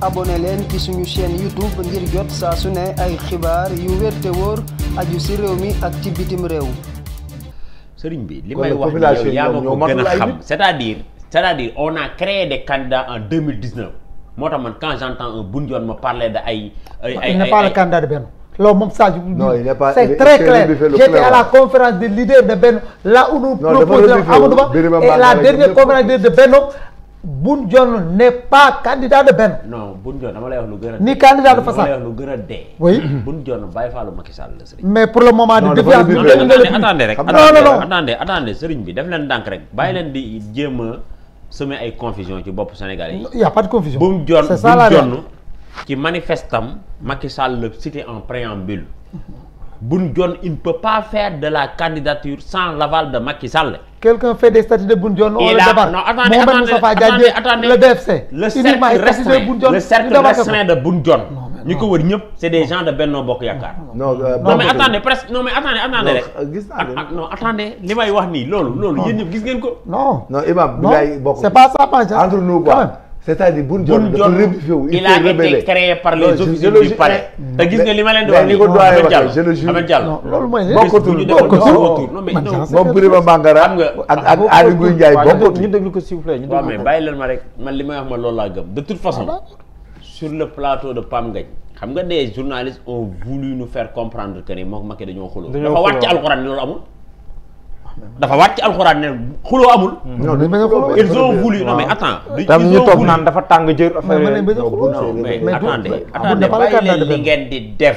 abonné leen ci suñu chaîne YouTube ngir jot saa su ne ay xibaar yu wér te wóor aju si réew mi ak ci bitim réew. sëriñ bi li may wax yow yaa ma ko gën a xam c'est-à-dire c'est-à-dire on a créé des candidats en 2019 moo tax man quand j'entends un ma parler de ay. ay ay il n'est pas de Benno la conférence des leaders de Ba et la dernière conférence de Benno Boun Dionne n'est pas candidat de benn. non Boun Dionne dama lay wax lu gën a. ni candidat de façade dama lay wax lu gën a dee. oui Boun Dionne Sall mais pour le moment. non dafa non attendez rek. non non sëriñ bi daf leen ndànk rek bàyyi leen di jéem a semer ay confusion ci bopp Sénégal yi. y' a pas de confusion. Boun Dionne Boun Dionne ci manifestam Macky Sall la cité en préambule. Boun Dionne il peut pas faire de la candidature sans l'aval de Macky Sall. quelqu'un fait des statuts de Boundione on le débarque non attendez attendez attendez le DFC le cercle restreint le cercle de Boundione ñu ko wër ñëpp c'est des gens de Benno Bokk Yaakaar non euh, mais attendez presque non mais attendez euh, li may wax ni loolu loolu yéen ñëpp gis ngeen ko non non imam bilaay bokk c'est pas ça entre c'est-à-dire Boun Dionne dafa rebifé wu il a été créé par les officiers du palais. te gis nga li ma leen di wax ni ko doyen waxee Ahmed Diallo loolu mooy bokkatul bokkatul non mais moom Birima Mangara ak ak Aly Ngouille Ndiaye bokkatul ko s'il ñu ko waaw bàyyi leen ma rek man li may wax ma loolu laa gëm de toute façon ah. sur le plateau de Pam Ngagne xam nga des journalistes ont voulu nous faire comprendre que moo moom Macky dañoo xuloo dafa wàcc alxuraan loolu amul dafa wàcc alxuraan ne xuloo amul. non dañu bëgg a xuloo ils ont voulu tam ñu toog naan dafa tàng jër. mais mais mais attendez attendez bàyyi leen li ngeen di def.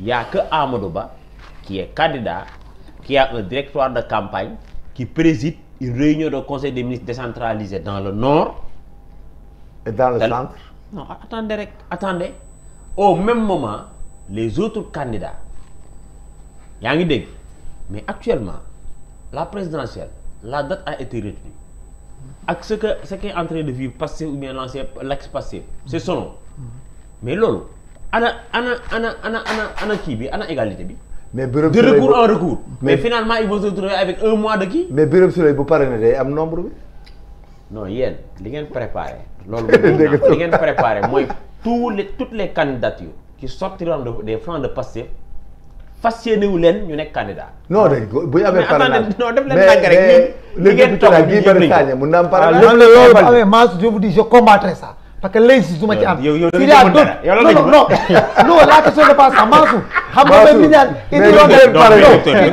y a que Amadou Ba ki est candidat qui a un directoire de campagne qui préside une réunion de conseil des ministres décentralisé dans le nord. et dans le centre. non attendez rek attendez au même moment les autres candidats yaa ngi dégg mais actuellement la présidentielle la date a été retenue ak ce que ce qui est de vivre Pastef ou bien l'ancien l'ex-Pastef c'est son mm-hmm. mais loolu. ana ana ana ana ana ana kii bi ana égalité bi. mais béréb de recours en recours. mais finalement mois de kii. mais béréb soleil bu pare ne day am nombre bi. non yéen li ngeen préparé. loolu li ngeen préparé mooy tous les toutes les candidatures qui sortiront des flancs de Pastef fas yéene wu leen ñu nekk candidat. non de bu ñu amee parrainage non def leen nag rek. li ngeen toog ñu ngi léegi mun na am ah, parrainage. loolu la loolu je combattrai ça. parce que lay si su ma ci am. yow yow da nga non non non la question n'est pas ça Mansour. xam nga même li ñu naan. mais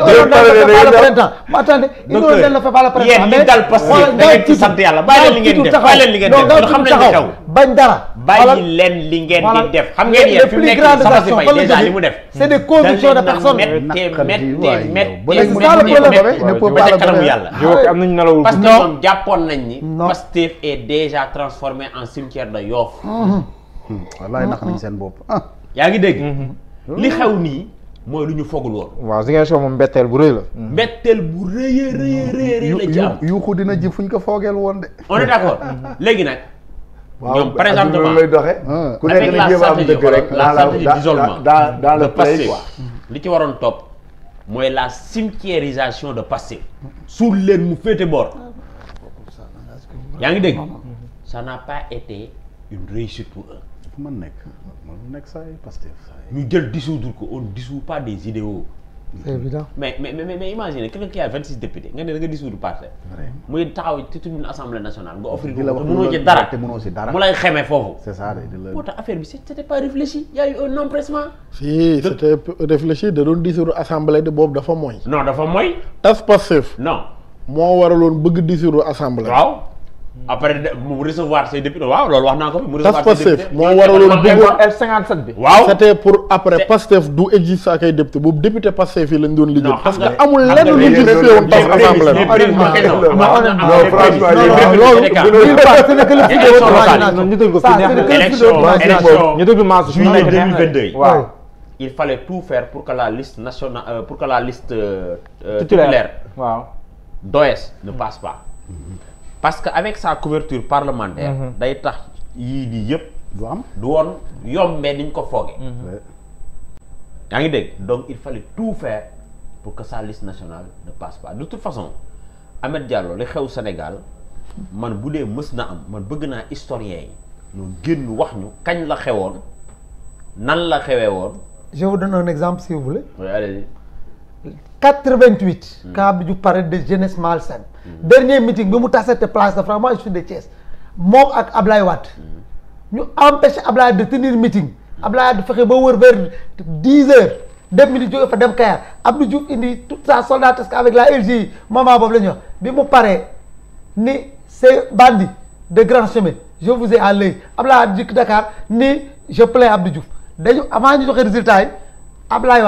docteur docteur la fa baal a pare. yéen li dal parce que da ngeen ci sant yàlla bàyyi leen li ngeen di def bàyyi leen li ngeen di def xam nañ taxaw bañ dara. bàyyi leen li ngeen di def xam ngeen yéen fi mu nekk sama si fay déjà li mu def. c'est des convictions de personne. parce que ñoom jàppoon nañ ni Pastef est déjà transformé en cimetière da yoof mhm. wallaay nax nañ seen bopp ah. yaa ngi dégg mhm. li xew nii mooy lu ñu fogul woon waaw Ziguinchor moom mbetteel bu rëy la mhm. mbetteel bu rëyee rëyee rëyee la ci am yuuxu dina ji fuñ ko foogeel woon de on est d'accord léegi nag ñoom présentement lay doxee ku nekk na jéem a am dëgg rek la stratégie d'isolement dans le passé quoi li ci waroon topp mooy la cimetiérisation de Pastef suul leen mu féete boor ah, yaa ngi dégg ah, ça n'a pas été une réussite pour eux. dafa mën nekk mën nekk saa yi ñu jël dissoudre ko on dissout pas des idéaux. mais mais mais mais imaginez quelqu'un qui a 26 députés nga ne da nga dissoudre parti. muy taxaw ci tribune assemblée nationale nga offrir. la wax mënoo ci dara te mënoo ci dara mu lay xeme foofu. c'est ça de moo tax affaire bi di pas a eu un boobu dafa mooy. non dafa mooy. tas Pastef. non moo waraloon bëgg dissoudre assemblée. waaw. après mu recevoir say député waaw loolu wax naa ko fi. mu recevoir say député moo waraloon bëggoon F57 bi. waaw c'était pour après Pastef du existe ak ay député boobu député Pastef yi lañ doon liggéey. parce que amul lenn lu ñu gisee woon tas assemblée bi. loolu loolu il fallait tout faire pour que la liste nationale pour que la liste titulaire waaw doyes ne passe pas parce que avec sa couverture parlementaire. Mhm. day tax yii nii yëpp. du am du woon yombee ni ñu ko foogee. Mhm. yaa ngi dégg donc il fallait tout faire pour que sa liste nationale ne passe de toute façon Ahmed Diallo li xew Sénégal man bu dee mës na am man bëgg naa historien yi ñu génn wax ñu kañ la xewoon nan la xewee woon. je vous donne exemple si vous 88. cas bi ju pare de jeunesse malsaine. Mm. dernier meeting bi mu tasate place de France moi je suis de Thiès moom ak Ablaye Wade. Mm. ñu empêché Ablaye de tenir meeting. fexe ba wër vers dix heures dem minutes jóge fa dem Kayar Abdou Diouf indi toute sa soldatesque avec la LGI moment boobu la ñu wax bi mu paree ni c'est bandit de grand chemin je vous ai à l'œil Ablaye Wade jikk Dakar ni je plains avant ñu joxe résultat yi Ablaye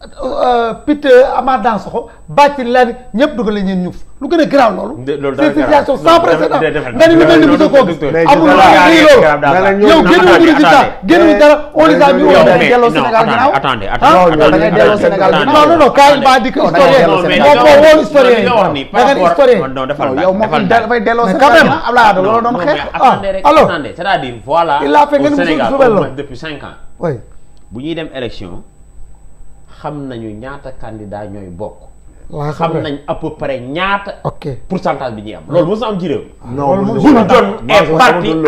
Euh, Pite Amath Dansokho bàcci lenn ñëpp dugal la ñeen ñuuf lu gën a garaaw loolu. loolu daal di situation sans précédent nga ni lu mel ni mosoo koo gis. amul lu mel ni loolu yow génn wu résultat génn dara on les a mis da ngay delloo Sénégal ginnaaw attendez attendez da ah, ngay delloo Sénégal ginnaaw non non kaay mbaa dikk historien moo ko woon historien da nga ni historien yow moom dafay delloo Sénégal ginnaaw Abdoulaye Wade loolu doon xeex ah alors c'est-à-dire voilà au Sénégal depuis cinq ans bu ñuy dem élection xam nañu ñaata candidat ñooy bokk. xam nañ à peu près ñaata. ok pourcentage bi ñuy am. loolu mos na am ci réew. non loolu mosul doon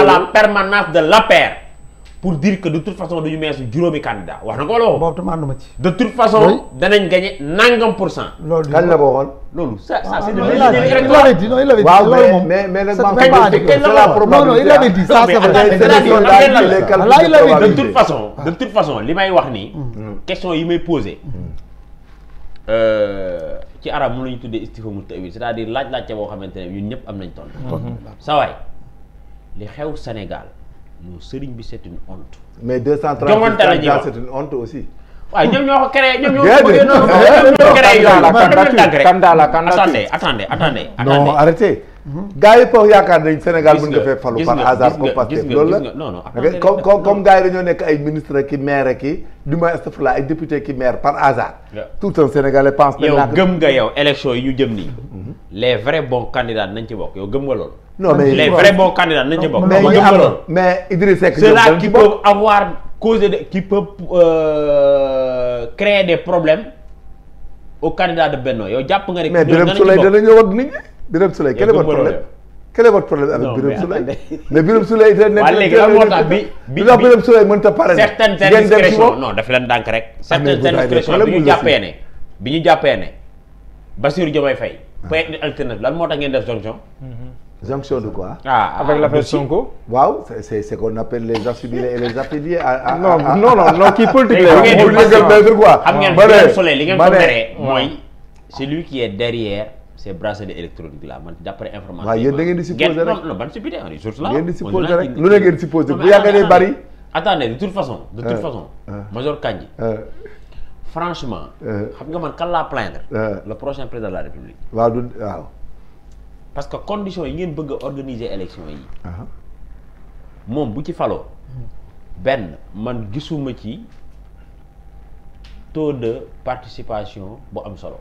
la permanence de l'APR. pour dire que de toute façon duñu meesu juróomi candidat wax na ko wala boobu tam ànduma ci. de toute façon danañ gagné nangam pour cent. loolu kan la boo loolu ça ça c'est de mais mais nag maa ngi koy la probabilité non non dit ça c'est vrai de toute façon li may wax nii. question yi may posé. ci arab mu tuddee istifhamu ta'wil c'est-à-dire laaj laaj ca boo xamante ne ñun ñëpp am nañ tontu. sa waay li xew Sénégal sëriñ bi c'est une honte. mais 230 c'est une honte aussi. waaw ñoom ñoo ko créé ñoom ñoo ko bëggee noonu. ñoom ñoo créé yooyu. attendez attendez attendez. non arrêtez. gars yi foofu yaakaar nañ Sénégal mën nga fee falu par hasard comme Pastef loolu la comme comme gars yi dañoo nekk ay ministre ki maire ki du moins astafurlah ay député ki maire par hasard tout un Sénégalais pense yow gëm nga yow élection yi ñu jëm nii les vrais bons candidats nañ ci bokk yow gëm nga loolu non mais les vrais bons candidats nañ ci bokk mais ñu am mais Idrissa Seck ceux-là de qui peuvent euh, créer des problèmes au candidat de Benno yow jàpp nga ne mais Birame Souleye dana ñëw ak nit ñi Birame Souleye quel est votre problème quel est votre problème avec Birame Souleye mais Birame Souleye te nekk a lan moo tax bi bi ndax Birame Souleye mënut a pare certaine seen discrétion non daf leen dànk rek certaine seen discrétion bi ñu jàppee ne bi ñu jàppee ne ah. alternative lan moo tax ngeen def jonction mm-hmm. jonction de quoi ah avec ah, l'affaire Sonko waaw c'est ce qu'on appelle les assimilés et non non non non kii politique mooy c'est lui qui est derrière ces bracelets électroniques là man d'après information. waaw yéen da ngeen di supposé rek non ban supposé on est là. ngeen di supposé rek lu ne ngeen supposé bu yàggee day bari. attendez de toute façon. de toute euh, façon. Euh. major Kandji. Euh. franchement. xam nga man kan la plaindre. le prochain président de la république. waaw du waaw. parce que conditions yi ngeen bëgg organiser élection yi. moom bu ci faloo. Hmm. benn man gisuma ci taux de participation bu am solo.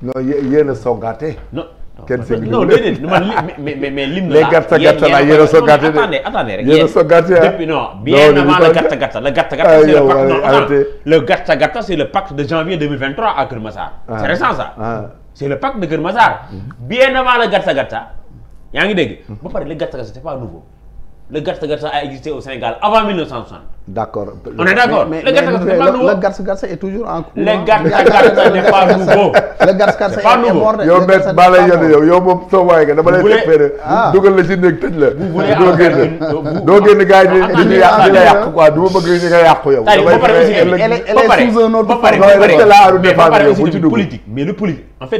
non yéen a songaate. non kenn seen non déedéet man li mais mais lim la. les gàtta gàtta la yéen a songaate de attendez attendez rek yéen bien avant le gàtta gàtta le gàtta gàtta c'est le pacte non arrêtez le gàtta gàtta c'est le pacte de janvier 2023 à Kër Massar. Ah. c'est récent ah. de Kër Massar. Mm-hmm. bien avant le gàtta gàtta yaa ngi dégg. Mm-hmm. ba pare le gàtta gàtta c'est pas nouveau. le Garça Garça a existé au Sénégal avant 1960. d'accord on est d'accord. mais mais le Garça Garça est toujours en cours. le Garça Garça n'est pas nouveau. le Garça Garça est mort de. yow Mbeth baa lay yëngu yow yow moom soo waay nga dama lay. bu dugal la ci néeg tëj la. bu doo génn doo génn gars yi di di nga yàq quoi du ma bëgg di nga yàqu yow. ba pare aussi de ba pare aussi politique mais le politique en fait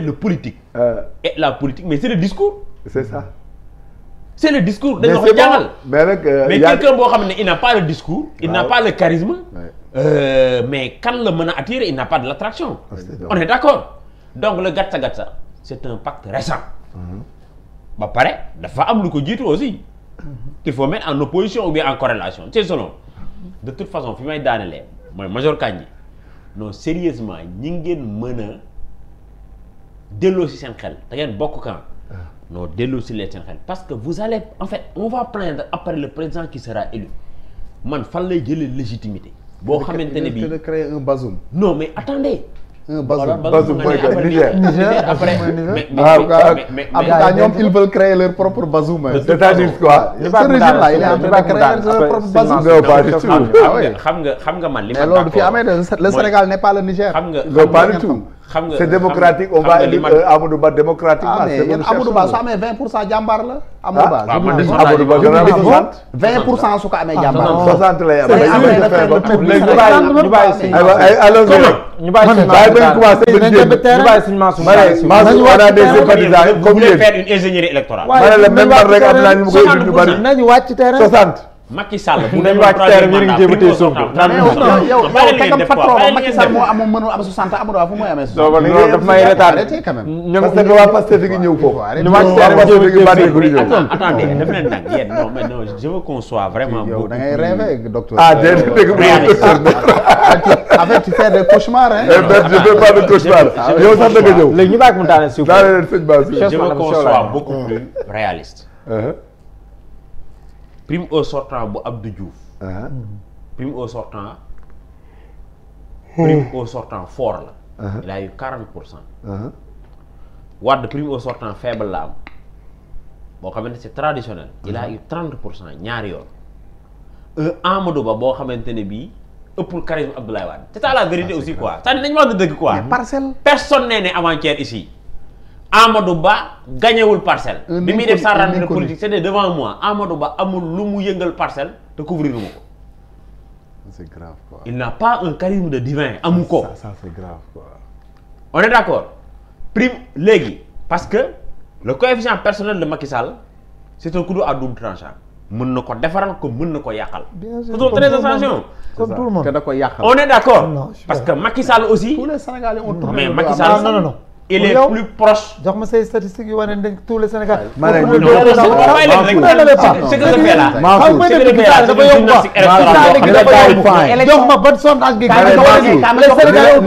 la politique mais c'est discours. c'est ça. c'est le discours dañoo ko jàngal mais nag euh, mais boo xam ne il n'a pas le discours il n'a pas le charisme euh, mais kan la mën a attirer il n'a pas de l'attraction ah, on est d'accord donc le gatsa gatsa c'est un pacte récent mhm. ba pare dafa am lu ko jiitu aussi qu'il faut mettre en opposition ou bi en corrélation c'est solo de toute façon fi may daanelee mooy major Kandji non sérieusement ñi ngeen mën a delloo si seen xel da ngeen bokk kan non dellu si leen seen parce que vous allez en fait on va plaindre après le président qui sera élu man fan lay jëlee légitimité. boo xamante ne bii de créer un bazoum. non mais Niger Niger après mais mais mais ñoom ils veulent créer leur propre bazoum. c'est-à-dire quoi. de créer propre bazoum. xam nga xam nga man li a mais loolu de le Sénégal n'est le Niger. xam nga xam xam nga c'est démocratique on va élire Amadou Ba démocratiquement. c'est bon Amadou Ba su amee 20 pour cent jàmbaar la. Amadou Ba Amadou Ba gën a am 60. 20 pour cent su ko amee jàmbaar. 60 lay am. ñu bàyyi si alors ñu bàyyi si Mansour Faye comme faire une ingénierie électorale. la même rek am naa ñu koy ñu bari 60 Macky Sall bu dee waa terre bi ngi jéem a téye Sonko naan yow tegam patron ba Macky Sall moo am mënul am 60 amul waa fu muy amee daf may retardé ñoom parce que waa Pastef bi ngi ñëw foofu ñu ma terre bi jéem a téye Sonko ñëw attendez daf leen nag yéen non mais non je veux qu'on soit vraiment yow da ngay rêver docteur ah déedéet dégg nga docteur ah, en fait tu fais des cauchemars hein eh je fais pas de cauchemar yow sax da nga ñëw léegi ñu bàyyi ko mu daaneel si je veux qu'on soit beaucoup plus réaliste uh-huh. prime au sortant bu ab du ah. prime au sortant. prime au sortant fort la. Ah. il a eu quarante pour cent. Ah. Wade prime au sortant faible la am boo xamante si c'est traditionnel. il a eu trente pour cent ñaari yoon. un euh, Amadou Ba boo xamante ni bi ëppul charisme Abdoulaye Wade. c'est ça la vérité aussi quoi c'est-à-dire nañu dëgg quoi. mais ne avant-hier ici. Amadou Ba gañewul parcelle. bi muy def sa rentrée politique c'était devant moi Amadou Ba amul lu mu yëngal parcelle te couvrir ma ko. c'est il n'a pas un charisme de divin amu ko. ça ça c'est grave quoi. on est d'accord prime léegi parce que le coefficient personnel de Macky Sall c'est un couteau à double tranchant mën na ko defaral ko mën na ko yàqal. bien sûr faisons très attention. comme tout le monde te da parce que Macky Sall aussi. tous les Sénégalais ont mais Macky Sall ah, non non il est plus proche. jox ma say statistiques yu wane ne tout le Sénégal. maa ngi lay déglu non non non c'est que ce fait là. maa ngi lay déglu daal dafa yomb quoi. jox ma ban sondage gi. le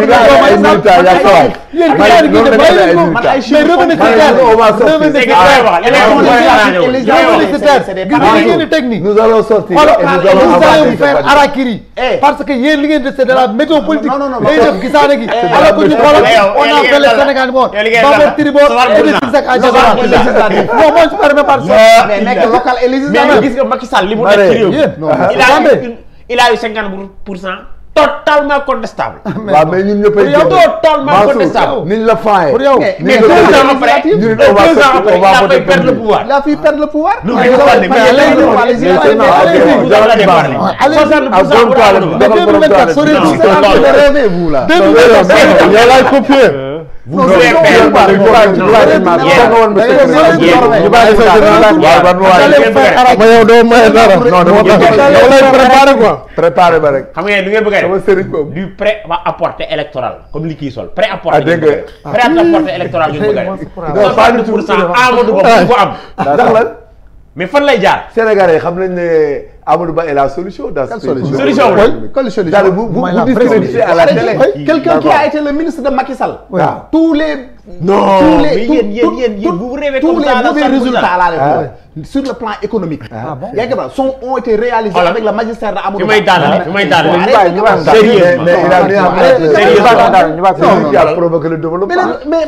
Sénégal yéen xibaar yi de bàyyi leen ko man ay chiffres mais revenu critère revenu critère gis nga ngeen di technique nous allons sortir et nous allons faire harakiri parce que yéen li ngeen di c'est de la météo politique day def gisaane gi alors que ñu xoolal on a fait le Sénégal bon Bamba Tribord et de Sisak à Diawara non moi je parle pas de ça euh, gis nga Macky li mu def ci réew a eu cinquante totalement contestable. Ah, waaw mais ñun ñëpp yow totalement contestable. ni la faayee pour yow. mais deux ans après deux ans après il a failli perdre le pouvoir. il a failli perdre le pouvoir. non mais allez-y allez-y allez-y vous devez faire par préparé ba rek xam ngeen du ngeen bëgg du pré apporté électoral comme li kii sol pré apporté pré apporté électoral ngeen mais fan lay jaar sénégalais xam nañ ne Amadou Ba est la solution dans cette solution solution quelle solution vous vous discréditez à la télé quelqu'un qui a été le ministre de Macky Sall tous les non tous les tous les mauvais résultats là sur le plan économique yaa ngi sont ont été réalisés avec la magistère de Amadou Ba il a provoqué le développement mais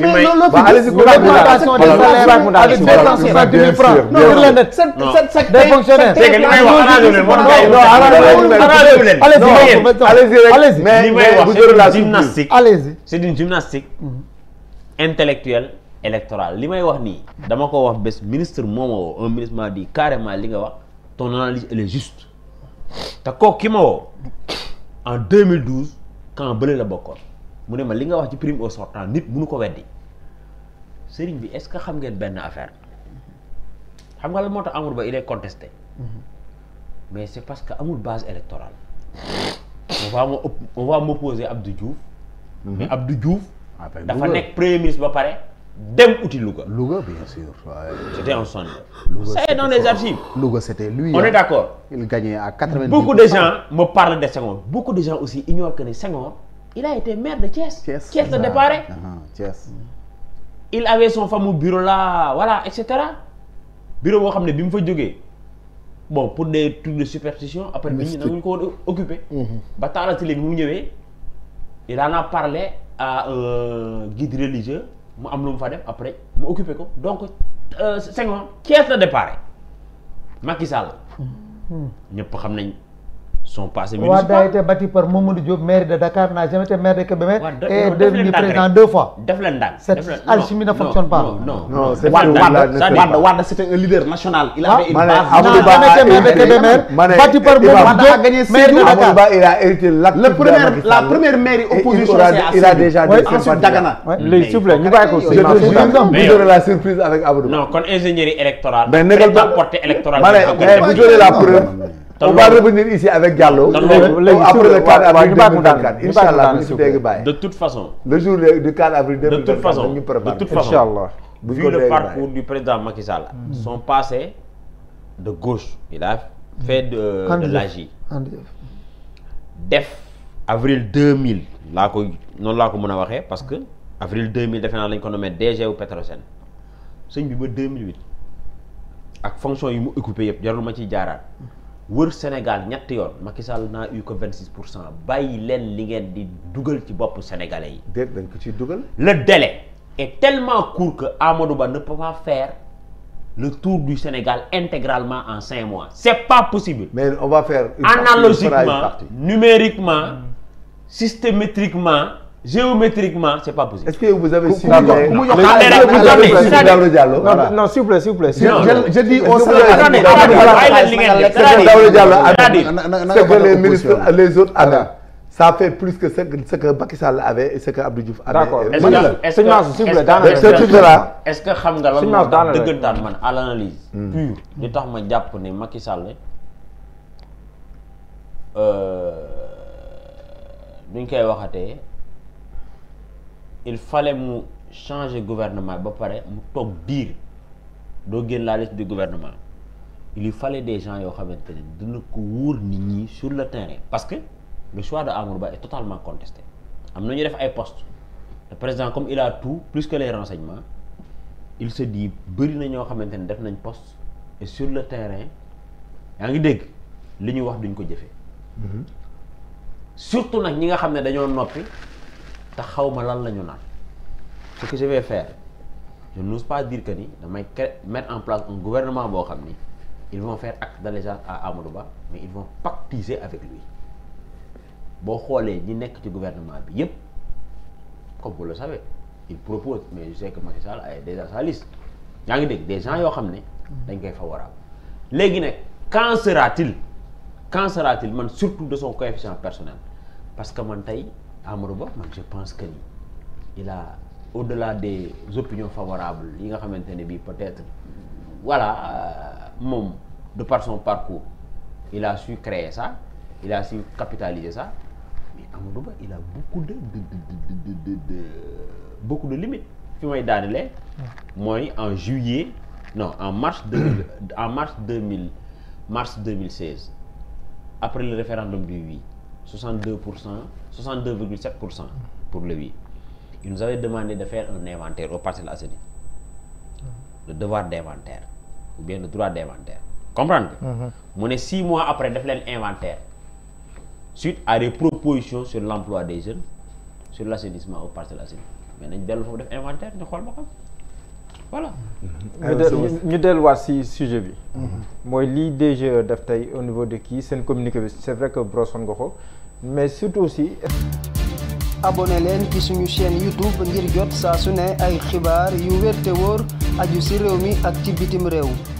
mais non allez-y allez-y c'est une gymnastique intellectuelle électorale li may wax nii dama ko wax bés ministre moo ma un ministre m'a dit carrément li nga wax ton analyse elle te kooku ki ma woo en 2012 quand bële la bokkoon mu ne ma li nga wax ci prime au sortant nit mënu ko weddi sëriñ bi est-ce que xam ngeen benn affaire xam nga la moo tax Amadou Ba il est mais c'est parce que amul base électorale on va ma on va m'opposer Abdou Diouf mhm. mais Abdou Diouf ah, dafa nekk premier ministre ba pare dem outil Louga Louga bien sûr c'était un sondage Louga ça est dans les archives Louga c'était lui on est d'accord il de gens me parlent de Senghor beaucoup de gens aussi ignorent que ne Senghor il a été maire de Thiès Thiès la déparé uh-huh, Thiès il avait son fameux bureau là voilà et cetera bureau boo xam ne bi mu fa jógee bon pour des trucs de superstition après nit ñi nanguñu ko woon occupé mhm. ba taalati léegi mu ñëwee il en a à un guide religieux mu am lu mu fa def après mu occupé ko donc euh, Senghor Thiès la départ Macky Sall mhm. ñëpp xam nañ son passé municipal Wade a été bâti par Mamadou Diop maire de Dakar n'a jamais été maire de Kébémer et devenu président deux fois def leen ndànk cette alchimie ne fonctionne pas non non Wade Wade c'était un leader national il ah, avait une base Amadou Ba a été maire de Kébémer bâti par Mamadou Diop maire de Dakar Amadou Ba il a hérité le premier la première mairie opposition il a déjà dit ensuite Dagana léegi s'il vous plaît ñu bàyyi ko je te jure vous aurez la surprise avec Amadou Ba non kon ingénierie électorale mais negal ba portée électorale ma ne vous aurez la preuve on va revenir ici avec Diallo. après le 4 de toute façon. le jour du 4 avril 2024 ñu préparé. de toute façon inchallah bu ñu le parcours du président Macky Sall. Mm. son passé de gauche. il a mm. fait de de l'AJ. def avril 2000 laa ko noonu laa ko mën a waxee parce que avril 2000 defe naa lañ ko nommé DG wu Petrosen sëñ bi ba 2008 ak fonction yi mu occupé yëpp jarul ma ci jaaraat. wër Sénégal ñetti yoon Macky Sall naa eu que pour cent bàyyi leen li ngeen di dugal ci boppu sénégalais yi. déet dañ ko ci dugal. le délai est tellement court que Amadou Ba ne peut pas faire tour du Sénégal intégralement en cinq mois. c'est pas possible. mais on va faire. analogiquement numériquement systématiquement. géométriquement c'est pas possible. est-ce que vous avez suivi non s'il vous plaît s'il vous plaît. je dis au c'est que les ministres les autres avaient. ça fait plus que ce que Macky Sall avait et ce que Abdou Diouf avait. d'accord est-ce que est-ce que xam nga lan moo dëggantaan man à l'analyse hmm. pure li tax ma jàpp ne Macky Sall duñ euh, koy waxatee. il fallait mu changer gouvernement ba pare mu toog diir doo génn la liste du gouvernement il fale des gens yoo xamante ne dina ko wóor nit ñi sur le terrain parce que le choix de Amadou Ba est totalement contesté am na ñu def ay post le président comme il a tout plus que les renseignements il se dit bëri na ñoo xamante ne def nañ post et sur le terrain yaa ngi dégg li ñu wax duñ ko jëfee mm-hmm. surtout nag ñi nga xam ne dañoo noppi te xaw ma lan la ñu naan ce que je vais faire je pas dire que ni damay mettre en place un gouvernement boo xam ni ils vont faire acte d'allégeance à Amadou Ba mais ils vont pactiser avec lui boo xoolee ñi nekk ci gouvernement bi yépp comme vous le savez il propose mais je sais que Macky Sall a déjà sa liste yaa ngi dégg des gens yoo xam ne dañ koy favorable léegi nag quand sera t man surtout de son coefficient personnel parce que man tey Amadou Ba man je pense que ni il a au-delà des opinions li nga xamante ne bii peut-être voilà euh, moom de par son parcours il a su créer ça il a su capitaliser ça mais Amadou Ba il de de de de de de de limites fi may daanelee. mooy en juillet non en mars deux mille mars deux mille mars deux mille seize après le référendum 62 pour cent 62 virgule 7 pour cent pour le oui il nous avait demandé de faire un inventaire aux Parcelles Assainies le devoir d'inventaire ou bien le droit d'inventaire comprendre nga mm-hmm. mu ne six mois après daf leen inventaire suite à des propositions sur l'emploi des jeunes sur l'assainissement aux Parcelles Assainies mais nañ dellu foofu def inventaire ñu xool ba xam voilà. Euh, ñu delluwaat si sujet bi. Mhm. mooy lii DGE def tey au niveau de kii seen communiqué bi c'est vrai que broson nga ko mais surtout aussi. abonné leen ci suñu chaîne YouTube ngir jot saa su ne ay xibaar yu wér te wóor aju si réew mi ak ci bitim réew.